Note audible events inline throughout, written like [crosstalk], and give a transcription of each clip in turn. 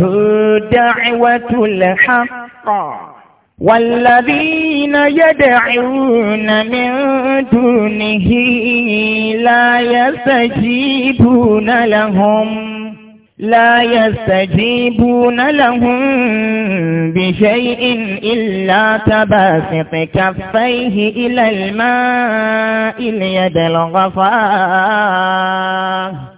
هو دعوة الحق والذين يدعون من دونه لا يستجيبون لهم لا يستجيبون لهم بشيء إلا تباسط كفيه إلى الماء ليدلغ فاه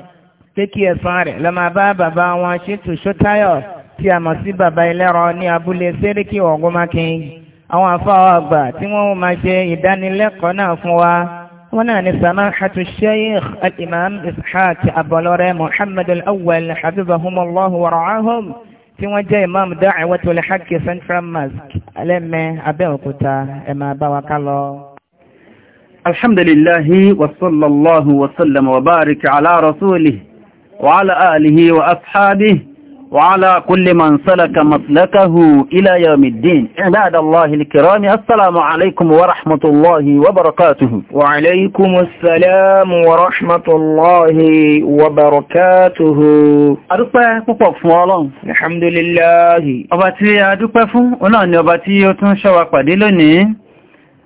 pé kí ẹ̀san rẹ̀ lọ máa bá bàbá wọn ṣètò ṣótáyọ̀ tí a mọ̀ sí bàbá ẹlẹ́rọ ní abúlé sẹ́ríkì ọ̀gọ́mákin àwọn afáwọ̀ àgbà tí wọ́n máa ṣe ìdánilẹ́kọ̀ọ́ náà fún wa wọ́n náà ní samahatu sheikh al-imam ishaq abọlọ́rẹ́ muhammad al-awwal habibahumullahu alhamdulillahi wa sallallahu wa sallam wa barika ala rasulihi وعلى آله وأصحابه وعلى كل من سلك مسلكه إلى يوم الدين عباد الله الكرام السلام عليكم ورحمة الله وبركاته وعليكم السلام ورحمة الله وبركاته أدوبة púpọ̀ fún الحمد لله ọba tí a dúpẹ́ fún ọ̀nà ni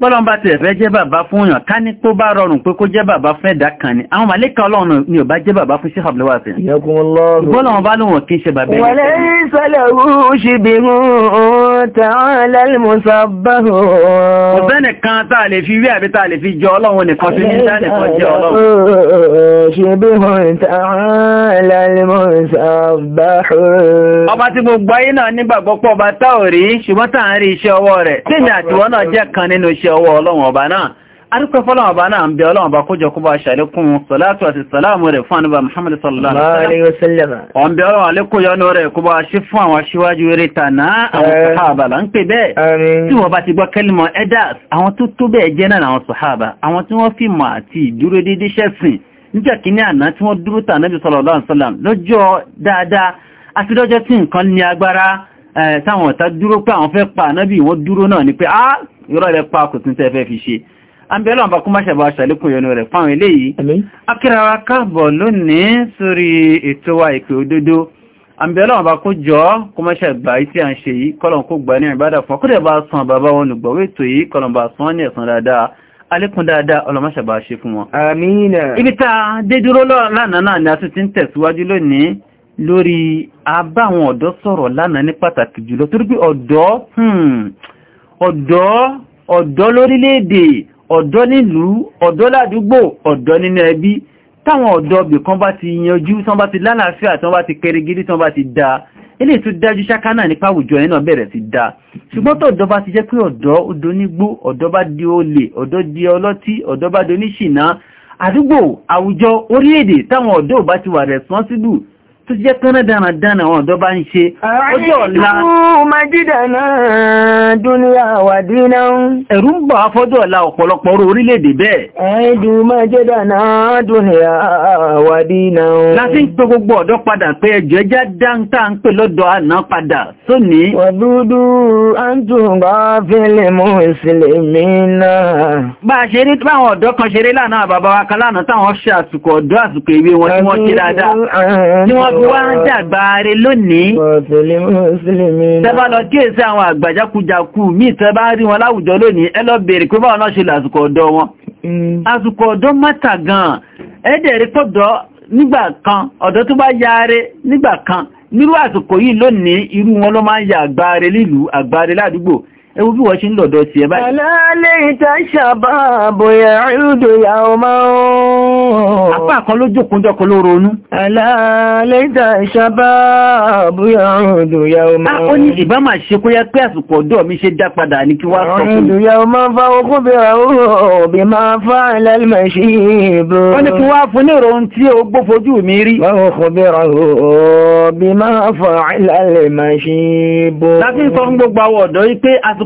bọ́lọ́n bá ti ẹ̀fẹ́ jẹ́ bàbá fún èèyàn ká ní kó bá rọrùn pé kó jẹ́ bàbá fún ẹ̀dá kan ni àwọn màlẹ́kà ọlọ́run ni ò bá jẹ́ bàbá fún Sheikh Abdul Wahab bọ́lọ́n bá lóun kí ń ṣe bàbá ẹ̀yà ọ̀bẹ́nì kan tá a lè fi wí àbí tá a lè fi jọ ọlọ́run nìkan sí ní sáà nìkan jẹ́ ọlọ́run ọba tí iṣẹ́ ọwọ́ ọlọ́run ọba náà arúgbẹ́ fọ́lọ́wọ́ bá náà ń bẹ ọlọ́wọ́ bá kójọ kó bá ṣàlékún sọ́látù àti sàlámù rẹ̀ fún àníbà Muhammad sallallahu alaihi wasallam ọ̀n bẹ ọlọ́wọ́ alékòyọ́nú rẹ̀ kó bá ṣí fún àwọn aṣíwájú rẹ̀ tàná àwọn sàhábà là ń pè bẹ́ẹ̀ tí wọ́n bá ti gbọ́ kẹ́lìmọ̀ edas àwọn tó tó bẹ́ẹ̀ jẹ́ náà àwọn sàhábà àwọn tí wọ́n fi mọ̀ àti ìdúró déédéé ṣẹ̀sìn níjà kìíní àná tí wọ́n dúró táwọn ọ̀tá dúró pé àwọn fẹ́ pa ànábì wọ́n dúró náà ni pé á irọ́ rẹ̀ pa kò tún tẹ́ fẹ́ fi ṣe àbẹ̀lọ́ àbá kó má ṣàbá ṣàlékún yọnu rẹ̀ fáwọn eléyìí akírawa káàbọ̀ lónìí sórí ètò wa ìpè òdodo àbẹ̀lọ́ àbá kó jọ kó má ṣàgbà tí a ń ṣe yìí kọ́lọ̀ kó gbà ní ìbádà fún akúrẹ̀ bá san bàbá wọn nùgbọ̀wé ètò yìí kọ́lọ̀ bá san ní ẹ̀san dáadáa alékún dáadáa ọlọ́mọ́ṣàbá ṣe fún wọn. ibi tá dé dúró lánàá náà ni a tún ti ń tẹ̀síwájú lónìí lórí abá àwọn ọ̀dọ́ sọ̀rọ̀ lánàá ní pàtàkì jùlọ torí pé ọ̀dọ́ hmm, ọ̀dọ́ ọ̀dọ́ lórílẹ̀-èdè ọ̀dọ́ nílùú ọ̀dọ́ ládùúgbò ọ̀dọ́ nínú ẹbí táwọn ọ̀dọ́ bìkan bá ti yanjú tán bá ti lálàáfíà tán bá ti kẹrẹgídí tán bá ti da ilé tó dájú ṣáká náà nípa àwùjọ yẹn náà bẹ̀rẹ̀ sí da ṣùgbọ́n tó ọ̀dọ́ bá ti jẹ́ pé ọ̀dọ́ odò nígbó ọ̀dọ́ bá di olè ọ̀dọ́ di ọlọ́tí ọ̀dọ́ bá di oníṣìná àdúgbò àwùjọ orílẹ̀-èdè táwọn ọ̀dọ́ bá ti wà responsible tó jẹ́ kánà dára dára àwọn ọ̀dọ́ bá ń ṣe ọjọ́ ọ̀la ẹ̀rù ń bà á fọ́jọ́ ọ̀la ọ̀pọ̀lọpọ̀ orílẹ̀-èdè bẹ́ẹ̀ láti ń pẹ gbogbo ọ̀dọ́ padà pé ẹjọ́ ẹjá dáńtà ń pè lọ́dọ̀ àná padà sóní wọ̀dúdú àǹtùnbá fílẹ̀ mú ìsìlẹ̀ mìíràn bá a ṣe wá dàgbà rẹ lónìí tẹ́bá lọ kíyèsí àwọn àgbàjákújakú míì tẹ́bá rí wọn láwùjọ lónìí ẹ lọ bèèrè pé báwọn náà ṣe lásìkò ọ̀dọ́ wọn mm. àsìkò ọ̀dọ́ mátà gan-an ẹ̀ẹ́dẹ̀ rí pọ̀dọ́ nígbà kan ọ̀dọ́ tó bá yaare nígbà kan nírú àsìkò yìí lónìí irú wọn ló máa ń ya àgbà rẹ lílùú àgbà rẹ ládùúgbò ewu bí wọ́n ṣe ń lọ̀dọ̀ ti ẹ̀bá aláàlẹ́ ìta ṣàbá àbòyà ìrúdò ìyàwó máa ń apá kan ló jòkúnjọ́ kó ló ronú aláàlẹ́ ìta ṣàbá àbòyà ìrúdò ìyàwó máa ń ó ní ìbá máa ṣe pé àsìkò ọ̀dọ́ mi ṣe dá padà ní kí wá sọ fún mi ìyàwó máa ń fa ogún bí òbí máa fa ẹlẹ́lẹ́mẹ̀ sí ìbò ó ní kí fa ẹlẹ́lẹ́mẹ̀ sí ìbò láti sọ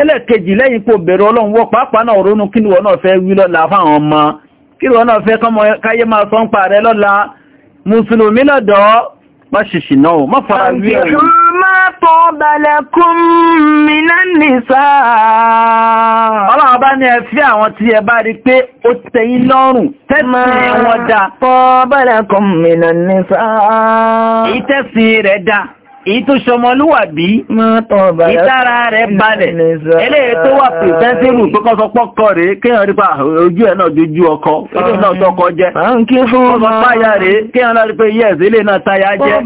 ẹlẹ́kejì lẹ́yìn pò bẹ̀rẹ̀ ọlọ́run wọ́ pàápàá náà ronú kí wọ́n náà fẹ́ wí lọ́la fáwọn ọmọ kí wọ́n náà fẹ́ káyé máa sọ ń pa rẹ lọ́la mùsùlùmí lọ́dọ̀ má ṣìṣì náà má fara wí ẹ̀yìn ọlọ́run bá ní ẹ̀fẹ́ àwọn tí ẹ bá rí pé ó èyí tó ṣọmọlúwàbí ìtara rẹ̀ balẹ̀ eléyìí tó wà pè fẹ́sẹ̀rù pé kọ́ sọ pọ́kọ rẹ̀ kéèyàn rí pa ah, ojú ẹ̀ náà dojú ọkọ ilé náà tọkọ jẹ́ ọmọ páyà rẹ̀ kéèyàn láti pé yẹ́ ilé náà táyà jẹ́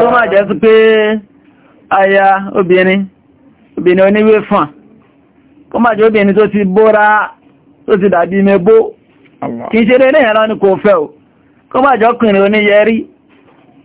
tó má jẹ́ sí pé aya obìnrin obìnrin oníwé fàn kó má jẹ́ ti dàbí mẹ́bó kì ṣe lé ẹ̀rọ ni kò fẹ́ o kó má jẹ́ ọkùnrin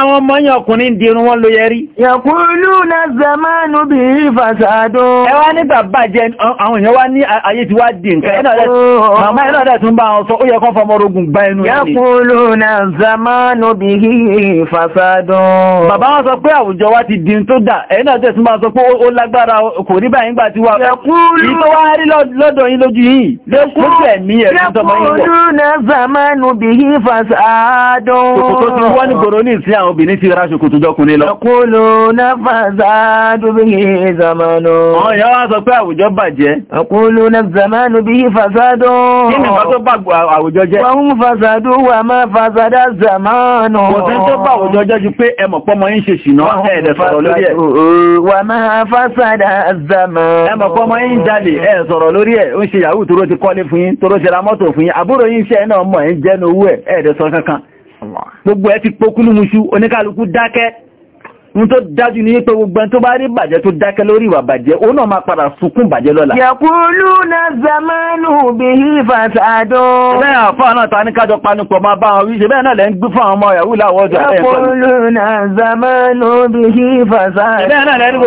àwọn ọmọ yẹn ọkùnrin dirun wọn ló yẹrí. yẹ̀kúlù na zamanu bí fasado. ẹ wá ní bàbá jẹ àwọn èèyàn wá ní ayé tí wá di nǹkan màmá ẹ̀ náà dẹ̀ tún bá wọn sọ ó yẹ kán fọmọ orogun gba ẹnu ẹ̀ ni. yẹ̀kúlù na zamanu bí fasado. bàbá wọn sọ pé àwùjọ wa ti di tó dà ẹ̀ náà dẹ̀ tún bá wọn sọ pé ó lágbára kò rí báyìí gbà tí wà obìnrin ti ra ṣòkòtò jọkùnrin lọ. ọkùnlò náfà sáàdù bí i zamanu. ọ̀hún ìyá wá sọ pé àwùjọ bàjẹ́. ọkùnlò náfà zamanu bí i fasádù. kí ni nǹkan tó bá àwùjọ jẹ́? wọ́n ń fasádù wà máa fasádà zamanu. kò sí tó bá àwùjọ jẹ́ ju pé ẹ mọ̀ pọ́mọ yín ṣe ṣìnà ẹ̀ẹ́dẹ̀ sọ̀rọ̀ lórí ẹ̀. wà máa fasádà zamanu. ẹ mọ̀ pọ́mọ yín jalè ẹ̀ sọ̀rọ̀ lórí ẹ̀ ó ń ṣe yahoo toró ti kọ́lé fún yín toró ti ra mọ́tò fún yín àbúrò yín iṣẹ́ náà ẹ̀ ń jẹ́nu ẹ̀ ẹ̀ẹ́dẹ̀ gbogbo ẹ ti pokúlùmùṣù oníkàlùkù dákẹ́ n tó dájú ní pé gbogbo ẹni tó bá rí bàjẹ́ tó dákẹ́ lórí ìwà bàjẹ́ ó náà máa padà sunkún bàjẹ́ lọ́la. yẹ̀kúlù na zamanu bihi fasado. bẹ́ẹ̀ àfáà náà ta ní kájọ panupọ̀ máa bá wọn wí bẹ́ẹ̀ náà lẹ́ ń gbé fún àwọn ọmọ yahoo láwọ́ ọjọ́ àbẹ́ ìfọ̀. na zamanu bihi fasado. bẹ́ẹ̀ náà zamanu bihi fasado.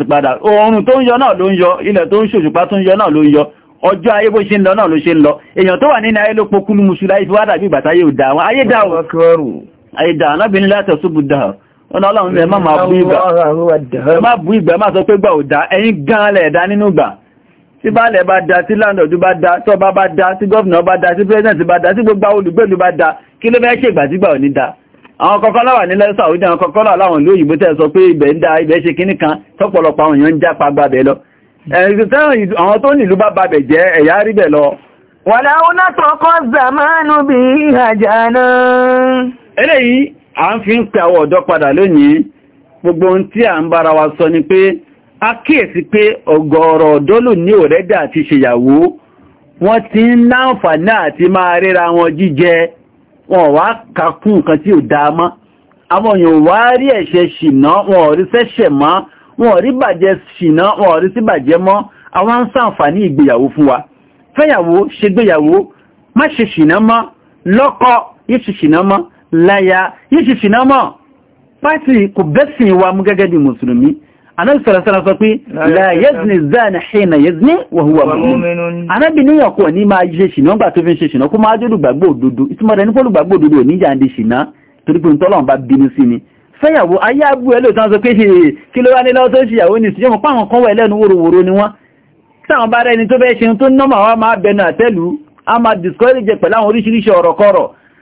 ti padà oòrùn tó ń yọ náà ló ń yọ ilẹ̀ tó ń ṣòṣùpá tó ń yọ náà ló ń yọ ọjọ́ ayé bó ṣe ń lọ náà ló ṣe ń lọ èèyàn tó wà nínú ayé ló pokúlù musu láyé fi wádà bí ìgbà táyé ò dáa wọn ayé dáa ayé dáa alábìnrin látọ̀ súbù dáa ọ̀nà ọlọ́run ẹ má máa bú ìgbà ẹ má bú ìgbà má sọ pé gbà ò dáa ẹ̀yin gan lẹ̀ dá nínú ìgbà tí baálẹ̀ bá da tí láńdọ̀dù bá da tí ọba bá da tí gọ́ọ̀nà bá da tí pírẹ́sẹ̀ntì bá da tí gbogbo olùgbèlú bá da kí ló fẹ́ ṣègbà sígbà ò ní da àwọn kọ̀ọ̀kan láwà nílẹ̀ Saudi àwọn kọ̀ọ̀kan láwà láwọn ìlú òyìnbó tẹ́ sọ pé ibẹ̀ ń da ibẹ̀ ṣe kíní kan tọ́pọ̀lọpọ̀ àwọn èèyàn ń jápa gbàbẹ̀ lọ àwọn tó nílùú bá babẹ̀ jẹ́ ẹ̀yà rí bẹ̀ lọ. wàláwọn látọ̀kọ́ zamanu pe àwọn ọ̀dọ́ padà ni pé a kíyèsí pé ọ̀gọ̀ọ̀rọ̀ ọ̀dọ́ lò wọn wá kakún nǹkan tí ò dáa mọ́ àwọn èèyàn wá rí ẹ̀ṣẹ̀ ṣìnà wọn ò rí sẹ́ṣẹ̀ mọ́ wọn ò rí bàjẹ́ ṣìnà wọn ò rí sí bàjẹ́ mọ́ àwọn ń sàǹfààní ìgbéyàwó fún wa fẹ́yàwó ṣègbéyàwó má ṣe ṣìnà mọ́ lọ́kọ yìí ṣìnà mọ́ láya yìí ṣìnà mọ́ pátì kò bẹ́sìn wa mú gẹ́gẹ́ bí mùsùlùmí anábìsọ̀rọ̀sọ̀rọ̀ sọ pé láyézni zani hìnà yézni wọ̀húwà mọ̀mínú anábì ní ọkọ̀ ní máa ṣe ṣìnà ọgbà tó fi ṣe ṣìnà kó máa jẹ́ olùgbàgbọ́ òdodo ìtumọ̀ rẹ̀ ní kó olùgbàgbọ́ òdodo ò ní jàǹdì ṣìnà torí pé tọ́lọ́run bá bínú sí ni fẹ́yàwó ayé abú ẹ lóòtán sọ pé kí ni wọ́n táwọn bá rẹni tó bẹ́ẹ̀ ṣe tó nọ́mà wá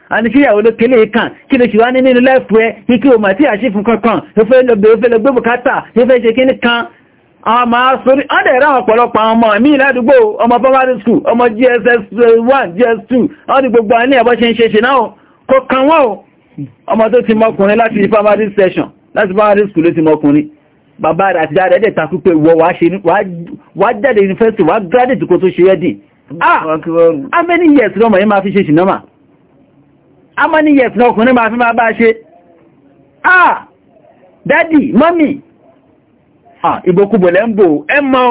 a ní ṣíyàwó ló kélé kan kí ló ṣìwá ní nínú láìpù ẹ ikú o mà tí a ṣí fún kankan ó fẹ́ lọ bèèrè fẹ́ lọ gbé bùkátà ó fẹ́ ṣe kíní kan àwọn máa sórí ọ́dẹ̀ ìrá ọ̀pọ̀lọpọ̀ àwọn ọmọ mi ládùúgbò ọmọ primary school ọmọ gss 1 gss 2 ọdún gbogbo àwọn ní ẹ̀bọ́ ṣe ń ṣe ṣe náà kó kan wọ́n o ọmọ tó ti mọkùnrin láti primary session primary school ló ti mọkùnrin bàbá rẹ̀ àti dáadẹ́ dẹ̀ takú pé wọ́ wá jáde university wá graduate kó tó ṣe wedding ah how many years lọ́mọ yìí máa fi ṣe ṣìnàmà a mọ́ ní yẹ̀sùn ọkùnrin máa fi máa bá ṣe ah daddy mommy ah ìbòkúbòlẹ̀ ń bò ẹ mọ́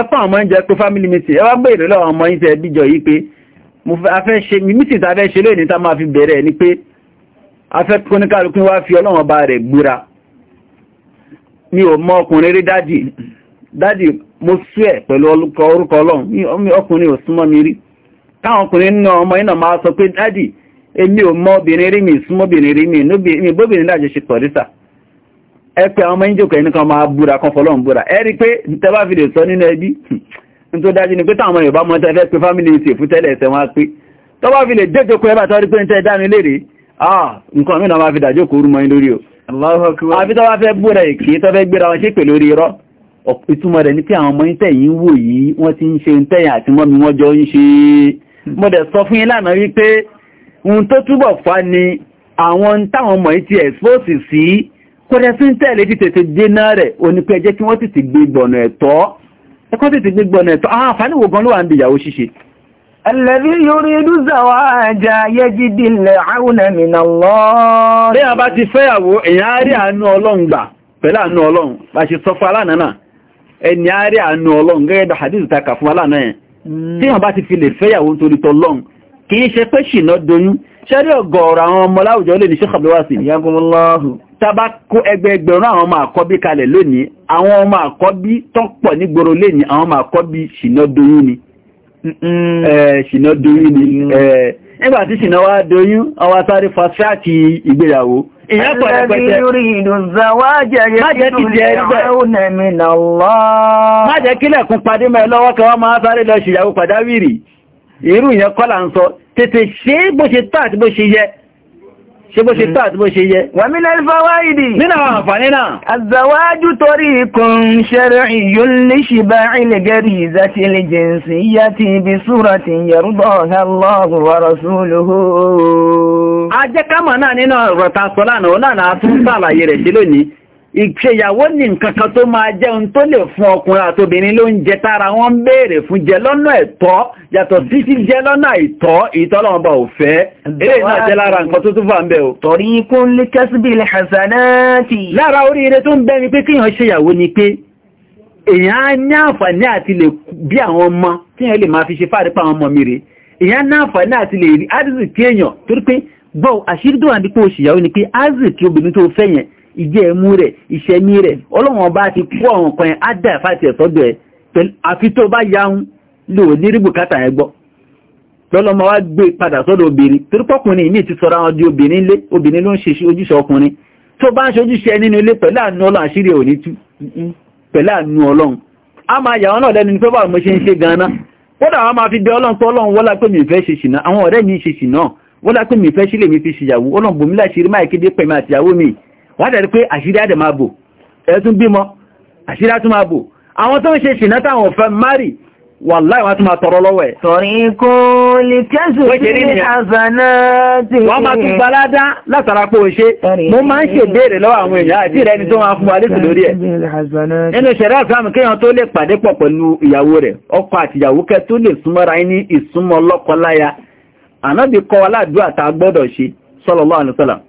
ẹ̀fọ́ àwọn oúnjẹ pé family meeting ẹ wá gbé ìrẹ́lẹ̀ ọmọ yìí tẹ́ bíjọ yìí pé meeting ta fẹ́ ṣe lónìí ta máa fi bẹ̀rẹ̀ ni pé afẹ́ kóníkàlùkún wá fi ọlọ́wọ́n bá rẹ̀ gbúra mi ò mọ ọkùnrin rí dádì káwọn ọkùnrin náà ọmọ iná máa sọ pé dádì èmi ò mọ obìnrin rí mi súnmọ́ obìnrin rí mi mi bóbìnrin láti ṣe pọ̀rísà ẹ pé àwọn ọmọ ìjòkó ẹni kan máa búra kan fọlọ́n búra ẹ rí pé tẹ́bá fi lè sọ nínú ẹbí [laughs] tó dájú ni pé táwọn ọmọ Yorùbá mọ́tẹ́ fẹ́ pé fámìlì ìsìn fún tẹ́lẹ̀ ẹ̀sẹ̀ wọn pé tọ́bá fi lè jẹ́jọ́kọ́ ẹbà tọ́rí pé ń tẹ́ dáni lérè ah nǹkan mìíràn máa fi dàjọ́ kò mọ́ lórí o àbí tọ́bá fẹ́ búra èkì tọ́ fẹ́ gbéra wọn ṣépè lórí irọ́ ìtumọ̀ rẹ̀ ní pé àwọn ọmọ ìtẹ̀yìn wò yìí wọ́n ti ń ṣe ń tẹ̀yìn àti mọ́mi wọ́n jọ ń ṣe é mo dẹ̀ sọ fún yín lánàá wípé ohun tó túbọ̀ fa ni àwọn táwọn mọ̀ ti expose sí kọ́dẹ̀ sí ń tẹ̀lé ti tètè dènà rẹ̀ onípe ẹjẹ́ kí wọ́n tètè gbé gbọ̀nà ẹ̀tọ́ ẹkọ́ a rí àánú ọlọ́run gbà bá ṣe sọ fún alánà náà, Mm. tí wọ́n bá ti fi lè fẹ́yàwó torí tọ́lọ́n kì í ṣe pé ṣìnà doyún ṣẹ́rí ọgọ́ọ̀rọ̀ àwọn ọmọ láwùjọ lè ní ṣe kàbíwáṣì tàbá kó ẹgbẹgbẹ̀rún àwọn ọmọ àkọ́bí kalẹ̀ lónìí àwọn ọmọ àkọ́bí tó pọ̀ nígboro lónìí àwọn ọmọ àkọ́bí ṣìnà doyún ni ṣìnà doyún ni nígbà tí ṣìnà wá doyún ọwá sáré fàṣẹ́ àti ìgbéyàwó ìyẹn pọ̀ rẹpẹtẹ má jẹ́ kí jẹ́ rígbẹ̀ má jẹ́ kí lẹ̀kún padé mẹ́ lọ́wọ́ kí wọ́n máa sáré lọ ṣìyàwó pàdáwìrì irú ìyẹn kọ́ ń sọ tètè ṣe bó ṣe tà àti bó ṣe yẹ ṣe bó ṣe tó àti bó ṣe yẹ. wà mí náà fọwọ́ ìdí. nínú àwọn àǹfààní náà. àzàwájú torí kan ṣẹ̀rẹ̀ ìyún ní ṣìbá ìlẹ̀gẹ̀rì ìzáti lè jẹ̀nsì yá ti ibi súra ti yẹ̀rúbọ̀ ọ̀hánlọ́gùn wa rasuluhu. a jẹ́ kámọ̀ náà nínú ọ̀rọ̀ ta ìṣèyàwó ní nǹkan kan tó máa jẹun tó lè fún ọkùnrin àtòbìnrin ló ń jẹ tára wọn béèrè fún jẹ lọ́nà ẹ̀tọ́ yàtọ̀ sí sí jẹ lọ́nà ìtọ́ ìtọ́lọ́mọba òfẹ́ eré náà jẹ́ lára nǹkan tó tún fà ń bẹ o. torí kó ń lé kẹ́sìbì lè hasanati. lára oríire tó ń bẹ ni ni pé èèyàn á ní àǹfààní àti lè bí àwọn ọmọ kíyàn lè máa fi ṣe fáàrí pa ìjẹ́ ẹmú rẹ̀ ìṣẹ́mí rẹ̀ ọlọ́run ọba ti kó àwọn kan á dà fàtì ẹ̀sọ́dọ̀ ẹ̀ àfi tó bá ya ń lò ní rígbùkátà ẹ̀ gbọ́ lọ́lọ́mọ wá gbé padà sọ́dọ̀ obìnrin torípọ́kùnrin ìmí ti sọ̀rọ̀ àwọn di obìnrin lé obìnrin ló ń ṣe ojúṣe ọkùnrin tó bá ń ṣe ojúṣe nínú ilé pẹ̀lú àánú ọlọ́run àṣírí òní tú pẹ̀lú àánú ọlọ́run a máa yà wọn náà lẹ́nu ní pé báwo mo ṣe ń ṣe gan-an kódà wọn máa fi bẹ ọlọ́run pé ọlọ́run wọ́lá pé mi fẹ́ ṣe ṣìnà àwọn ọ̀rẹ́ mi ṣe ṣìnà wọ́lá pé mi fẹ́ ṣílè mi fi ṣìyàwó ọlọ́run bòmílà ṣe rí máìkéde pẹ̀mí àtìyàwó mi wádẹ̀rí pé àṣírí àdẹ̀ máa bò ẹ̀tún bímọ àṣírí àtún máa bò àwọn tó ń ṣe ṣìnà táwọn fẹ́ mari wàláì wọ́n tún máa tọrọ lọ́wọ́ ẹ̀ torí kò lè kẹ́sù sí àzànà tí wọ́n máa tún gbaládá látara pé òṣe mo máa ń ṣe béèrè lọ́wọ́ àwọn èèyàn àti ìrẹni tó máa fún wa lẹ́sù lórí ẹ̀ nínú ìṣẹ̀rẹ́ àtàmì kéèyàn tó lè pàdé pọ̀ pẹ̀lú ìyàwó rẹ̀ ọkọ àtìyàwó kẹ́ tó lè súnmọ́ra ní ìsúnmọ́ lọ́kọ láya ànábì kọ́ wa ládùúgbà tá a gbọ́dọ̀ ṣe sallallahu alaihi wasallam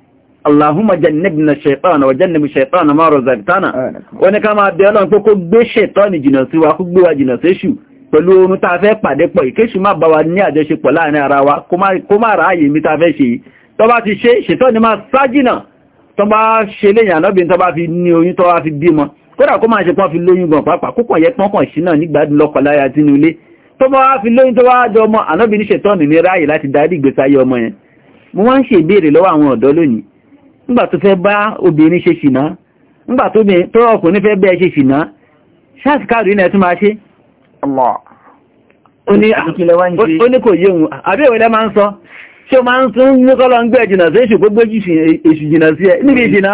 Allahumma jannibna shaytana wa jannib shaytana ma razaqtana wọ́n ká máa bẹ Ọlọ́run pé kó gbé shaytani jìnà sí wa kó gbé wa jìnà séṣù pẹ̀lú oorun tá fẹ́ pàdé pọ̀ ìkéṣù má bá wa ní àjọṣepọ̀ láàrin ara wa kó má ráàyè mi tá fẹ́ ṣe tó bá ti ṣe shaytani máa sájìnà tó bá ṣe léyìn ànábìn tó bá fi ní oyún tó bá fi bímọ kódà kó máa ṣe pọ́n fi lóyún gan pàápàá kó kàn yẹ pọ́n kàn sí náà nígbàdùn lọ́kọ̀ láyà tínú ilé tó bá fi lóyún tó wá jọ ọmọ ànábìn ní shaytani ní ráàyè láti darí ìgbésí ayé ọmọ yẹn mo wá ń ṣe ìbéèrè lọ́wọ́ àwọn ọ̀dọ́ lónìí nígbà tó fẹ́ bá obìnrin ṣe ṣìná nígbà tó ọkùnrin fẹ́ bẹ́ẹ̀ ṣe ṣìná ṣáàtìkáàrí náà tún máa ṣe ó ní kò yéhun àbí ìwé lẹ́ máa ń sọ ṣe o máa ń tún ní kọ́lọ̀ ń gbé ìjìnà sí èṣù gbogbo èṣù jìnà sí ẹ níbi ìjìnà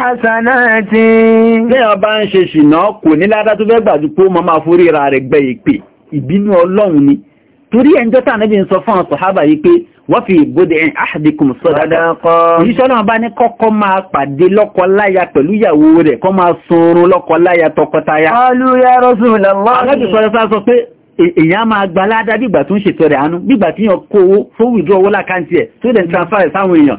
hasanati ní ọba ń ṣe ṣìnà kò ní ládá tó fẹ́ gbàdúgbò mọ́ máa ìbínú ọlọ́run ni torí ẹjọ́ tàà níbi ń sọ fún àwọn sọ̀hábà yìí pé wọ́n fi ìbòdè ẹ̀yìn ahadikum sọ́dáadáa òjíṣẹ́ náà bá ní kọ́kọ́ máa pàdé lọ́kọ láya pẹ̀lú ìyàwó rẹ̀ kọ́ máa sunrun lọ́kọ láya tọkọtaya. qalu ya Rasulullah. alábì sọ̀rọ̀ sá sọ pé èèyàn máa gba aládá bígbà tó ń ṣètò rẹ̀ àánú bígbà tí yàn kó owó fún wìdúrọ̀wó lákàntì ẹ̀ tó dẹ̀ ń transfer ẹ̀ sáwọn èèyàn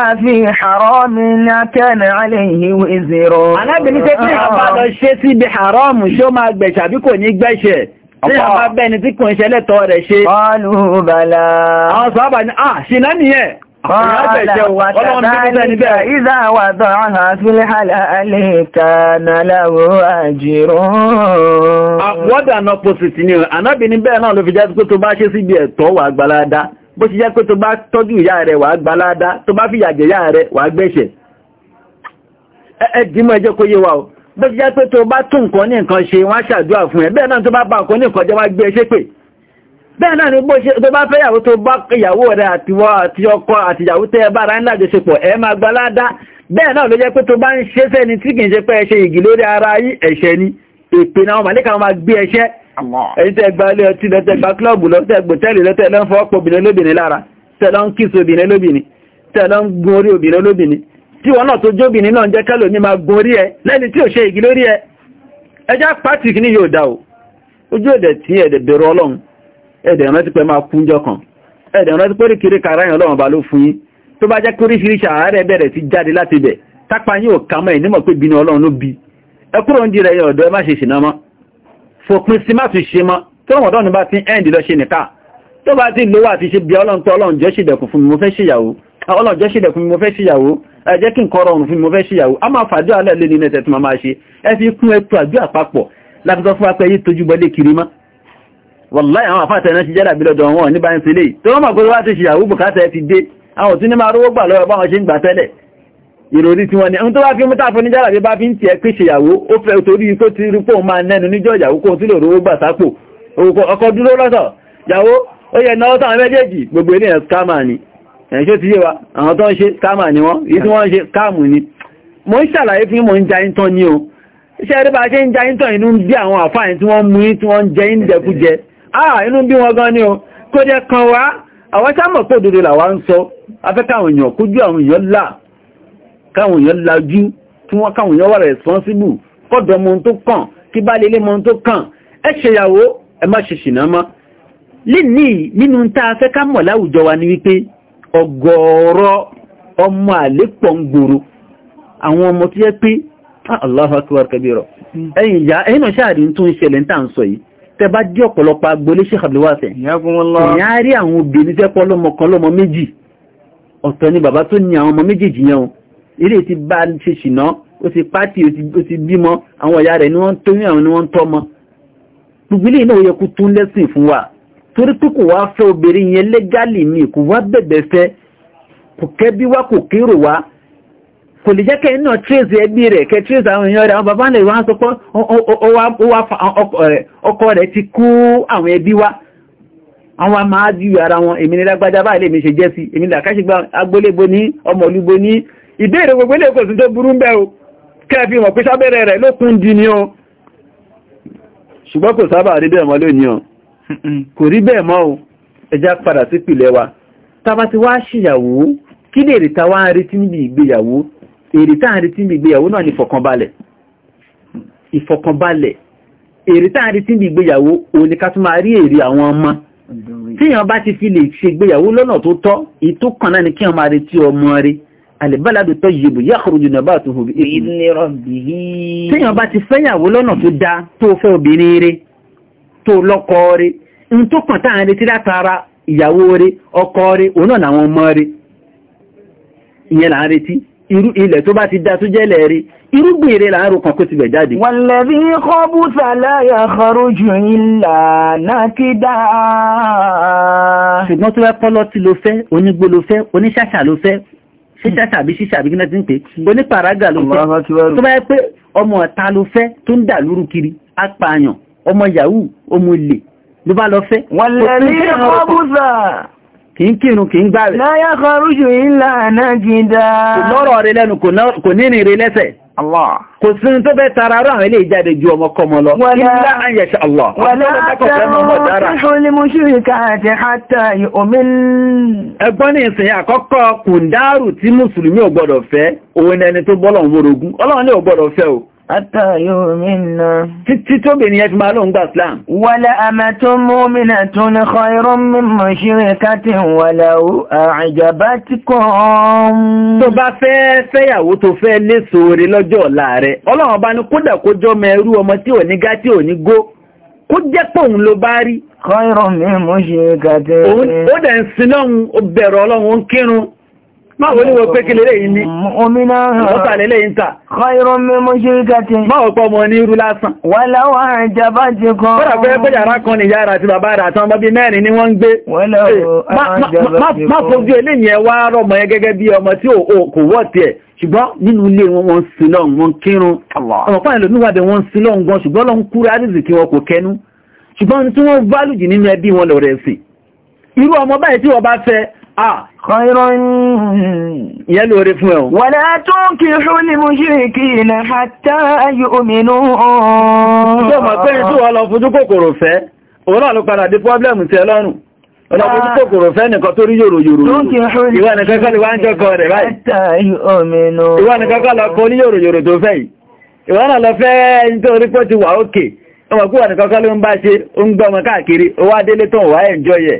máa fi haramu ní akẹ́nà aléyìí ìzèrò. Alábìnrin tẹ́ pé àbá lọ ṣe sí ibi haramu ṣó máa gbẹ̀ṣẹ̀ àbí kò ní gbẹ̀ṣẹ̀. Tí a máa bẹ́ni tí kò ń ṣẹlẹ̀ tọ́ rẹ̀ ṣe. Ọlù bàlá. Àwọn sọ́bà ah, ni, ah, ṣìnà nìyẹn. Ìzá wà tọ́ha fílé halálé kàánà láwọ́ àjírò. Àwọ́dà náà pòsìtì ni, ànábì ní bẹ́ẹ̀ náà ló fi jẹ́ tó bá ṣe síbi ẹ̀tọ́ wà gbalada bó ti jẹ́ pé tó bá tọ́jú ìyá rẹ̀ wà gbalada tó bá fìyà jẹ ìyá rẹ̀ wà gbẹ̀ṣẹ̀ ẹ̀ẹ́dìmọ̀ ẹjọ́ kó yé wa o bó ti jẹ́ pé tó bá tún nǹkan ní nǹkan ṣe wọ́n ṣàdúrà fún ẹ bẹ́ẹ̀ náà tó bá bá nǹkan ní nǹkan jẹ́ wá gbé ẹṣẹ́ pè bẹ́ẹ̀ náà ni bó ṣe tó bá fẹ́yàwó tó bá ìyàwó rẹ̀ àtiwọ́ àti ọkọ àti ìyàwó tẹ́ bá ara ńlá jọṣepọ̀ ẹ máa gba ládá bẹ́ẹ̀ náà ló jẹ́ pé tó bá ń ṣe fẹ́ni tí kìí ṣe pé ẹṣẹ́ ìgì lórí ara yí ẹ̀ṣẹ̀ ni èpè náà màlẹ́kà máa gbé ẹṣẹ́ èyí tẹ́ gba ilé ọtí lọ́tẹ́ gba klọ́ọ̀bù lọ́tẹ́ gbòtẹ́lì lọ́tẹ́ lọ́n fọ́ ọ̀pọ̀ obìnrin lóbìnrin lára tẹ́ lọ́n kìsì obìnrin lóbìnrin tẹ́ lọ́n gun orí obìnrin lóbìnrin tí wọ́n náà tó jóbìnrin náà jẹ́ kẹ́lò ní máa gun orí ẹ lẹ́ni tí ò ṣe ìgì lórí ẹ ẹjá patrick ní yóò dá o ojú ẹ̀dẹ̀ tí ẹ̀dẹ̀ bẹ̀rọ ọlọ́run ẹ̀dẹ̀ rántí pé máa kúnjọ kan ẹ̀dẹ̀ rántí pé kiri karayan ọlọ́run bá ló fún yín tó bá jẹ́ kóríṣiríṣi àárẹ̀ bẹ̀rẹ̀ sí jáde láti bẹ̀ tápá yín ò kà mọ́ ẹ̀ nímọ̀ pé bínú ọlọ́run ló bi ẹ kúrò ń di rẹ̀ ọ̀dọ́ ẹ má ṣe ṣìnà mọ́ fòpin sí má fi ṣe mọ́ tó rọ̀mọ̀ tọ́nà bá ti ẹ́ǹdì lọ ṣe nìká tó bá ti lówà ti ṣe bí ọlọ́run tó ọlọ́run jẹ́ ṣìdẹ̀kùn fún mi mo fẹ́ ṣìyàwó ọlọ́run jẹ́ ṣìdẹ̀kùn mi mo fẹ́ ṣìyàwó ẹ jẹ́ kí n kọ́rọ̀ ọ̀run fún mi mo fẹ́ ṣìyàwó a máa fàájọ́ alẹ́ lé nínú ẹ̀tẹ̀ tí máa ṣe ẹ fi kún ẹtù àjọ àpapọ̀ láti sọ fún wa pé yí tójú bọ́lé kiri mọ́ máa ṣe ìròrí tí wọ́n ní ohun tó bá fi mú tàfún níjára bí bá fi ń tiẹ̀ pèsè ìyàwó ó fẹ́ torí tó ti rí pò máa nẹ́nu níjọ́ ìyàwó kó tí lò gbà sápò ọkọ dúró lọ́sọ̀ ìyàwó ó yẹ náà sáwọn méjèèjì gbogbo ilé scammer ni ẹ̀ṣọ́ ti yé wa àwọn tó ń ṣe scammer ni wọ́n èyí tí wọ́n ń ṣe scam ni mo ń ṣàlàyé fún mo ń ja ìtàn ni o iṣẹ́ rí bá ṣe ń ja ìtàn inú bí àwọn àfáàyàn tí wọ́n mú tí wọ́n ah inú bí wọn gan ni o kó jẹ kan wá àwọn sámọ̀ pé òdodo làwa ń èèyàn kójú àwọn èèyàn láà káwọn èèyàn lajú tí wọ́n káwọn èèyàn wà responsible kọ́dọ̀ mọ́ tó kàn kí bá lélé mọ́ tó kàn ẹ ṣèyàwó ẹ má ṣe ṣìnà mọ́ lè ní nínú tá a fẹ́ ká mọ̀ láwùjọ wa ni wípé ọ̀gọ̀ọ̀rọ̀ ọmọ àlépọ̀ ń gbòòrò àwọn ọmọ tó yẹ pé ah, Allahu akbar ni bàbá tó ní àwọn ọmọ méjèèjì yẹn ilé ti bá ṣe ṣìná ó ti pátì ó ti bímọ àwọn ọ̀yá rẹ̀ ni wọ́n tó ní àwọn ni wọ́n tọ́mọ gbogbo ilé náà yẹ kó tún lẹ́sìn fún wa torí pé kò wá fẹ́ obìnrin yẹn lẹ́gálì mi kò wá bẹ̀bẹ̀ fẹ́ kò kẹ́bí wá kò kérò wá kò lè jẹ́ kẹ́ náà tírèsì ẹbí rẹ̀ kẹ́ tírèsì àwọn èèyàn rẹ̀ àwọn bàbá rẹ̀ wá sọ pé ọkọ rẹ̀ ti kú àwọn ẹbí wá àwọn a máa bí ara wọn èmi ní lágbájá báyìí lèmi ṣe jẹ́ sí èmi làkàṣìgbà agbólébó ní ọmọ olúgbó ní ìbéèrè gbogbo ilé kò sí tó burú bẹ́ o kẹfì mọ̀ pé sábẹ́rẹ̀ rẹ̀ ló kún di ni o ṣùgbọ́n kò sábà rí bẹ́ẹ̀ mọ́ lónìí o kò rí bẹ́ẹ̀ mọ́ o ẹjá padà sí pìlẹ̀ wa tàbá ti wá ṣìyàwó kí lè rìta wá ń retí níbi ìgbéyàwó èrè tá níbi ìgbéyàwó náà ni ìfọ̀kànbalẹ̀ ìfọ̀kànbalẹ̀ èrè níbi ìgbéyàwó òun ni ká tún máa rí èrè àwọn ọmọ tíyàn bá ti fi lè ṣègbéyàwó lọ́nà tó tọ́ ìtókànnà ni kíyàn máa retí ọmọ rẹ̀ àlèbáládò tó yìí bù yàkùrù jù náà bá tó hù bí ìlú tíyàn bá ti fẹ́yàwó lọ́nà tó dá tó fẹ́ obìnrin rẹ̀ tó lọ́kọ rẹ̀ ń tó kàn táà rẹ̀ tí látara ìyàwó rẹ̀ ọkọ rẹ̀ òun náà àwọn ọmọ rẹ̀ ìyẹn là ń retí irú ilẹ̀ tó bá ti dá tó jẹ́lẹ̀ rí irúgbìn rẹ̀ là ń rokàn kó ti bẹ̀ jáde wàlẹ̀bí kọ́bù sàláyà kọrùjù ìlà náà kí dáa ṣùgbọ́n tó wẹ́ pọ́lọ́ tí lo fẹ́ onígbó lo fẹ́ oníṣàṣà lo fẹ́ ṣíṣà tàbí ṣíṣà àbí gínà tí ń pè onípàrágà ló fẹ́ tó báyẹ pé ọmọ ọ̀ta ló fẹ́ tó ń dà lóru kiri apààyàn ọmọ yahoo ọmọ ilé ló bá lọ fẹ́ kì í kírun kì í gbà rẹ̀ láyá kan rúṣù ńlá Kò sí tó bẹ́ tara rán ilé ìjáde ju ọmọ kọmọ lọ. Ilá ayẹ̀ ṣe Allah. Wàlá Ẹgbọ́n ní ìsìn àkọ́kọ́ kùndárù tí Mùsùlùmí ò gbọ́dọ̀ fẹ́, òun ẹni tó bọ́lọ̀ ń wórogún. Ọlọ́run ní ò gbọ́dọ̀ fẹ́ o àtàyò mìnà. Títí tó bè ní ẹ fi máa lóun gbà Islam. Wàlá àmàtún múmìnà tó ní kọ́irọ́ mímọ̀ ṣírí káàtì wàlá àjàbá tí kọ́ tó bá fẹ́ fẹ́yàwó tó fẹ́ léso rẹ̀ lọ́jọ́ ọ̀la rẹ̀ Ọlọ́run bá ní kódà kó jọ mẹ́rú ọmọ tí ò ní gá tí ò ní gó kó jẹ́ pòun ló bá rí kọ́irọ́ mímọ̀ ṣírí káàtì máa wọ́n ní wọ́n pé kílẹ̀ yìí ní omínà ọ̀tàlẹ́lẹ̀ yìí ta ọ̀rọ̀ mímọ̀ ṣe kàtí máa ọ̀pọ̀ ọmọ ní irú lásán wà láwọn ni yàrá àti bàbá rẹ̀ àtàwọn bábí mẹ́rin ni wọ́n ń gbé eh, má fojú eléyìn wá rọmọ yẹn gẹ́gẹ́ bí ọmọ tí kò wọ́ tiẹ̀ ṣùgbọ́n nínú ilé wọn wọ́n sin lọ́n wọn kírun ọmọ fáìlì oníwàdẹ̀ wọ́n sin lọ́n gan ṣùgbọ́n lọ́n kúrò àdìsìkí wọn kò kẹnu ṣùgbọ́n tí wọ́n válùjì nínú ẹbí wọn lọ̀rẹ̀ sí irú ọmọ báyìí tí wọ́n bá fẹ́ ah Kọ́ìrán yẹ́ lórí fún kòkòrò fẹ́? nìkan tó rí yòrò yòrò yòrò yòrò tó fẹ́ yìí ìwà lọ fẹ́ ẹni tó rí pọ́ ti wà ókè ọmọkúwà nìkan kọ́ ń bá ṣe ó ń gbọ́mọ káàkiri ó wá délé tán wà ẹ̀njọ́ yẹ̀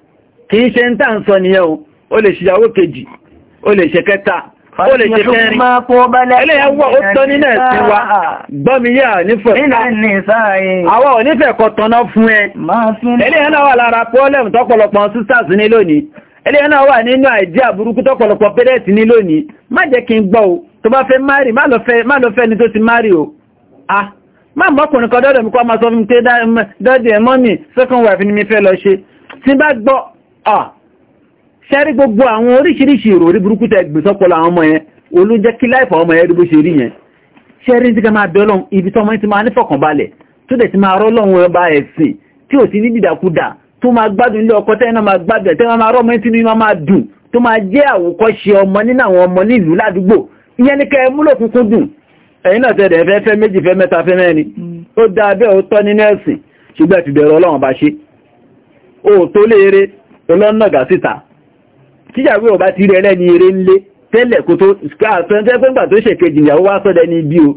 kìí ṣe ń tàn sọ nìyẹn o ó lè ṣìyàwó kejì ó lè ṣe kẹta ó lè ṣe kẹrin ẹlẹ́yàwó ó tọ́ nínú ẹ̀sìn wa gbọ́miyà nífẹ̀ẹ́ àwa ò nífẹ̀ẹ́ kọ tọ́ná fún ẹ ẹlẹ́yàn náà wà lára pọ́lẹ̀mù tọ́pọ̀lọpọ̀ sisters ní lónìí ẹlẹ́yàn náà wà nínú àìdí àbúrúkú tọ́pọ̀lọpọ̀ parents ní lónìí má jẹ́ kí n o ah má mọ́kùnrin kan dọ́dọ̀ mi kọ́ máa sọ fún mi pé dọ́dẹ̀ mọ́mì second wife ni mi fẹ́ lọ ṣe tí bá gbọ́ ṣẹ́rí gbogbo àwọn oríṣiríṣi ìròrí burúkú tẹ gbèsọ́pọ̀lọ̀ àwọn ọmọ yẹn olóúnjẹ́ kí láìfà ọmọ yẹn dúbó ṣe rí yẹn ṣẹ́rí ti máa bẹ́ ọlọ́run ibi tọ́mọ ti máa nífọ̀kànbalẹ̀ tó dẹ̀ ti máa rọ́ lọ́run ọba ẹ̀sìn tí ò sí ní dìdàkudà tó máa gbádùn ilé ọkọ tẹ́yìn náà máa gbádùn tẹ́yìn máa rọ́ ọmọ sínú ìmọ̀ máa dùn tó máa jẹ́ àwòkọ́ṣe ọmọ nínú àwọn ọmọ nílùú ládùúgbò tó léere ọlọ́nàgà síta tíyàwó ọba ti rẹ̀ lẹ́ni eré ńlé tẹ́lẹ̀ kò tó ṣẹ́gbẹ́gbà tó kejì ìyàwó wá sọ́dẹ̀ ní ibi o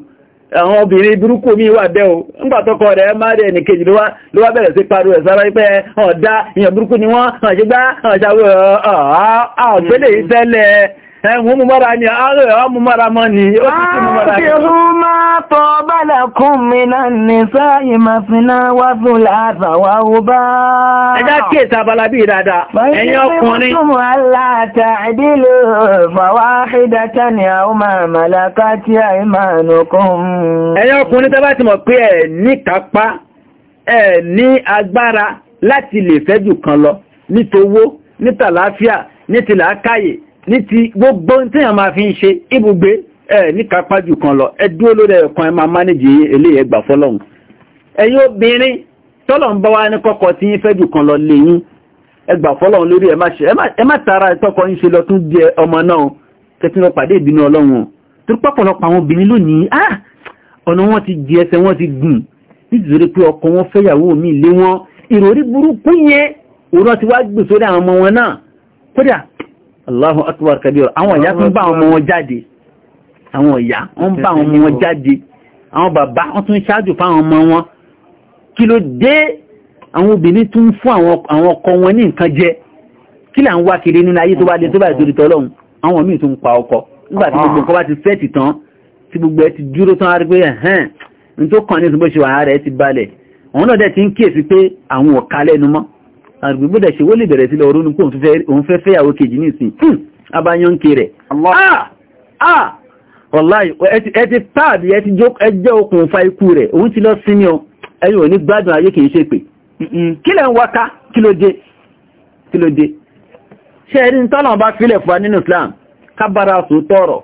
àwọn obìnrin burúkú mi wà bẹ́ o ńgbà tọ́kọ rẹ̀ má rẹ̀ ló wá bẹ̀rẹ̀ sí ẹ̀ sára ọ̀dá ìyàn burúkú ni wọ́n ẹ̀wọ̀n eh, mú mọ́ra ní àárẹ̀ ọ̀rọ̀ mú mọ́ra mọ́ ni ó ti sí mú mọ́ra ní. ààrẹ máa tọ́ bálà kún mi náà ní sáàyè máa fi náà wá fún láàtà wá ọkùnrin. báyìí ni àwọn máa màlákà tí a máa ti mọ̀ pé ẹ̀ ní kápá ẹ̀ ní agbára láti lè fẹ́ kan lọ nítowó nítàláfíà nítìlákàyè ní ti gbogbo tí a máa fi ń ṣe ibùgbé ẹ̀ ní kápájù kan lọ ẹ dúró lórí ẹ̀kan ẹ máa mánéjì eléyìí ẹgbà fọ́lọ́hun ẹ̀yin obìnrin tọ́lọ̀ ń bá wá ní kọ́kọ́ tí yín fẹ́jù kan lọ lè yín ẹgbà fọ́lọ́hun lórí ẹ má tara tọ́kọ yín ṣe lọ ah ọ̀nà wọn ti di ẹsẹ̀ wọn ti gùn nítorí pé ọkọ wọn fẹ́yàwó mi lé wọn ìròrí burúkú yẹn Allahu akbar kabir àwọn ìyá tún bá àwọn ọmọ wọn jáde àwọn ìyá wọ́n bá àwọn ọmọ wọn jáde àwọn bàbá wọ́n tún ṣáájú fáwọn ọmọ wọn kí ló dé àwọn obìnrin tún fún àwọn ọkọ wọn ní nǹkan jẹ kí là ń wá kiri nínú ayé tó bá dé tó bá ìtorí tọ́lọ́hun àwọn míì tún pa ọkọ nígbà tí gbogbo nǹkan bá ti fẹ́ẹ̀tì tán tí gbogbo ẹ ti dúró tán á rí pé ẹ̀hẹ́n ní tó kàn ní ìsúnbọ̀ṣe wàhálà rẹ̀ ti balẹ̀ àwọn náà dẹ̀ ti ń kíyèsí pé àwọn ọ̀ka lẹ́nu mọ́ àgbẹ̀gbọ́dà ṣe wó lè bẹ̀rẹ̀ sílẹ̀ orún kó òun fẹ́ fẹ́yàwó kejì ní ìsìn hmm, abáyọ́nké rẹ̀ ah, ah, wàláì ẹ ti pààbí ẹ ti jẹ́ okùnfà ikú rẹ̀ òun ti lọ sinmi o ẹ̀yin ò ní gbádùn ayé kìí ṣe pé kí lẹ̀ ń wáká Islam kábára sọ tọrọ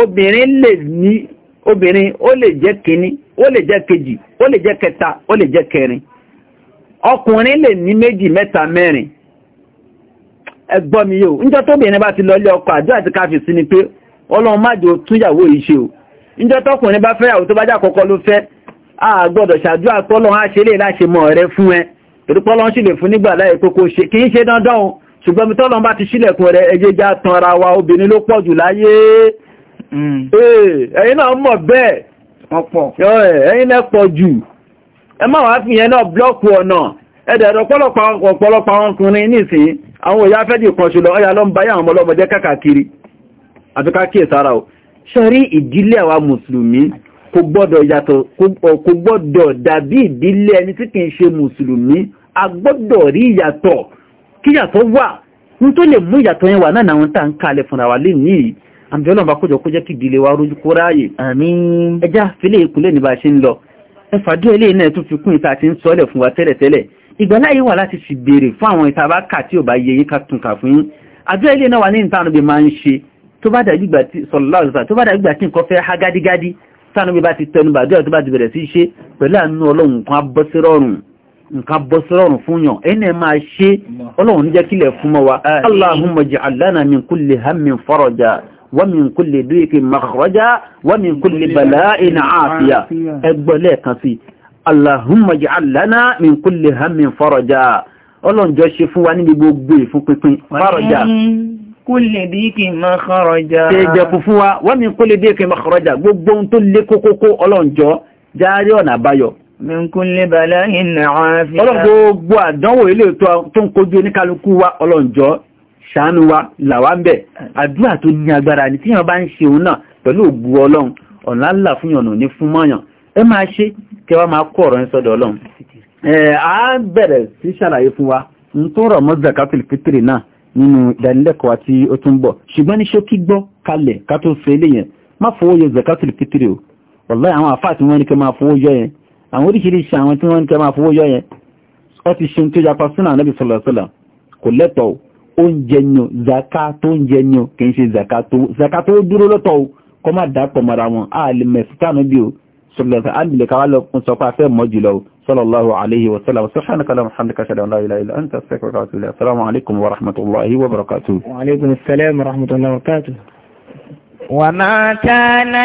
obìnrin lè ní obìnrin ó lè jẹ́ kìíní ó lè jẹ́ kejì ó lè jẹ́ kẹta ọkùnrin lè ní méjì mẹ́ta mẹ́rin ẹgbọ́ mi yóò níjọ́ tó bèèrè bá ti lọ ilé ọkọ àjọ àti káfí sí ni pé ọlọ́run májò túnyàwó ìṣe o níjọ́ tọkùnrin bá fẹ́yàwó tó bá jà kọ́kọ́ ló fẹ́ a gbọ́dọ̀ ṣàdúrà pọ́lọ́run á ṣe lè láṣe mọ̀ rẹ fún ẹ torí pọ́lọ́run sì lè fún nígbà láyé pé kò ṣe kì í ṣe dandan hmm. náà mọ̀ bẹ́ẹ̀ ẹ̀yin náà pọ̀ jù ẹ má wá fi yẹn náà blọ́ọ̀kù ọ̀nà ẹ̀dẹ̀rọ pọ́lọpọ̀ àwọn ọkùnrin nísìn àwọn òyà fẹ́ dì kan ṣùlọ ọya lọ ń báyà àwọn ọlọ́mọdé kákàkiri àtúká kí ìsára ò ṣẹ́rí ìdílé àwa mùsùlùmí kò gbọ́dọ̀ dàbí ìdílé ẹni tí kìí ṣe mùsùlùmí a rí ìyàtọ̀ kí yàtọ̀ wà ní tó lè mú ìyàtọ̀ yẹn wà náà àwọn ń kalẹ̀ fúnra wa lè ní àmì ọlọ́mọba kójọ kó jẹ́ kí ìdílé wa rójú kó ráyè àmín ẹjá fílẹ̀ ìkúnlẹ̀ ní bá ṣe ń lọ ẹfàdó ilé náà tún fi kún ìta àti ń sọ́lẹ̀ fún wa tẹ́lẹ̀tẹ́lẹ̀ ìgbàláyé wà láti fi béèrè fún àwọn ìta bá kà tí ò bá yẹ yín ká tún kà fún yín àdúrà ilé náà wà ní ìtànù bí máa ń ṣe tó bá dàbí ìgbà tí sọ̀lọ́lá ọ̀sán tó bá dàbí ìgbà tí nǹkan fẹ́ há gádígádí tánú bí bá ti tẹnu bàdúrà tó bá ti bẹ̀rẹ̀ sí ṣe pẹ̀lú àánú ọlọ́run nǹkan bọ́ ومن كل ضيق مخرجا ومن كل بلاء عافية اغبلك في اللهم اجعل لنا من كل هم فرجا Ọlọ́run jọ ṣe fún wa níbi gbogbo ìfún pínpín fárọjà kúlè bí kí ma kọrọjà ṣe jẹ́kù fún wa wọ́n ni kúlè bí kí ma kọrọjà gbogbo ohun tó lé kókókó Ọlọ́run jọ járí ọ̀nà àbáyọ min kulli bala'in 'afiya Ọlọ́run gbogbo àdánwò ilé ṣàánú wa làwá ń bẹ̀ àdúrà tó ní agbára ni tíyàn bá ń ṣe òun náà pẹ̀lú ògbú ọlọ́run ọ̀nà ńlá fún yànnà ní fún mọ́yàn ẹ máa ṣe kẹwa máa kọ́ ọ̀rọ̀ ìsọdọ̀ ọlọ́run a bẹ̀rẹ̀ sí ṣàlàyé fún wa n tó rọ̀ mọ́ zakatul fitri náà nínú ìdánilẹ́kọ̀ọ́ àti ó tún bọ̀ ṣùgbọ́n ní ṣókí gbọ́ kalẹ̀ ká tó sọ eléyẹn má fowó yọ zakatul fitri o wàláhì àwọn àfáà tí wọ́n ní kẹ́ máa fowó yọ yẹn àwọn oríṣiríṣi àwọn tí wọ́n ní kẹ́ máa fowó yọ yẹn ó ti ṣe tó yapa súnà Ànábì sallallahu alaihi wasallam kò lẹ́tọ̀ọ́ oúnjẹ yàn zaka tó oúnjẹ yàn kì í ṣe zaka tó zaka tó dúró lọ́tọ̀ o kọ́ má dàpọ̀ mara wọn a lè mẹ̀sítánù bí o sọlọ́tà á lè káwá lọ kún sọpá fẹ́ mọ́ jùlọ o sallallahu alayhi wa sallam subhanaka allahumma hamdika ashhadu an la ilaha illa anta astaghfiruka wa atubu ilayk assalamu alaykum wa rahmatullahi wa barakatuh wa alaykum assalam wa rahmatullahi wa barakatuh wa ma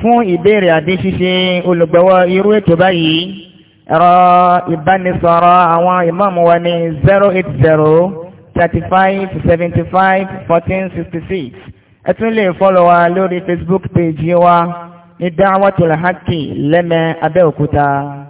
fún ìbéèrè àti ṣíṣe olùgbọ́wọ́ irú ètò báyìí ẹ̀rọ ìbánisọ̀rọ̀ àwọn ìmáàmù wa ní 080 35 75 14 66 ẹ tún lè fọ́lọ̀ wa lórí Facebook page wa ní Da'watul Haqqi lẹ́mẹ̀ Abẹ́òkúta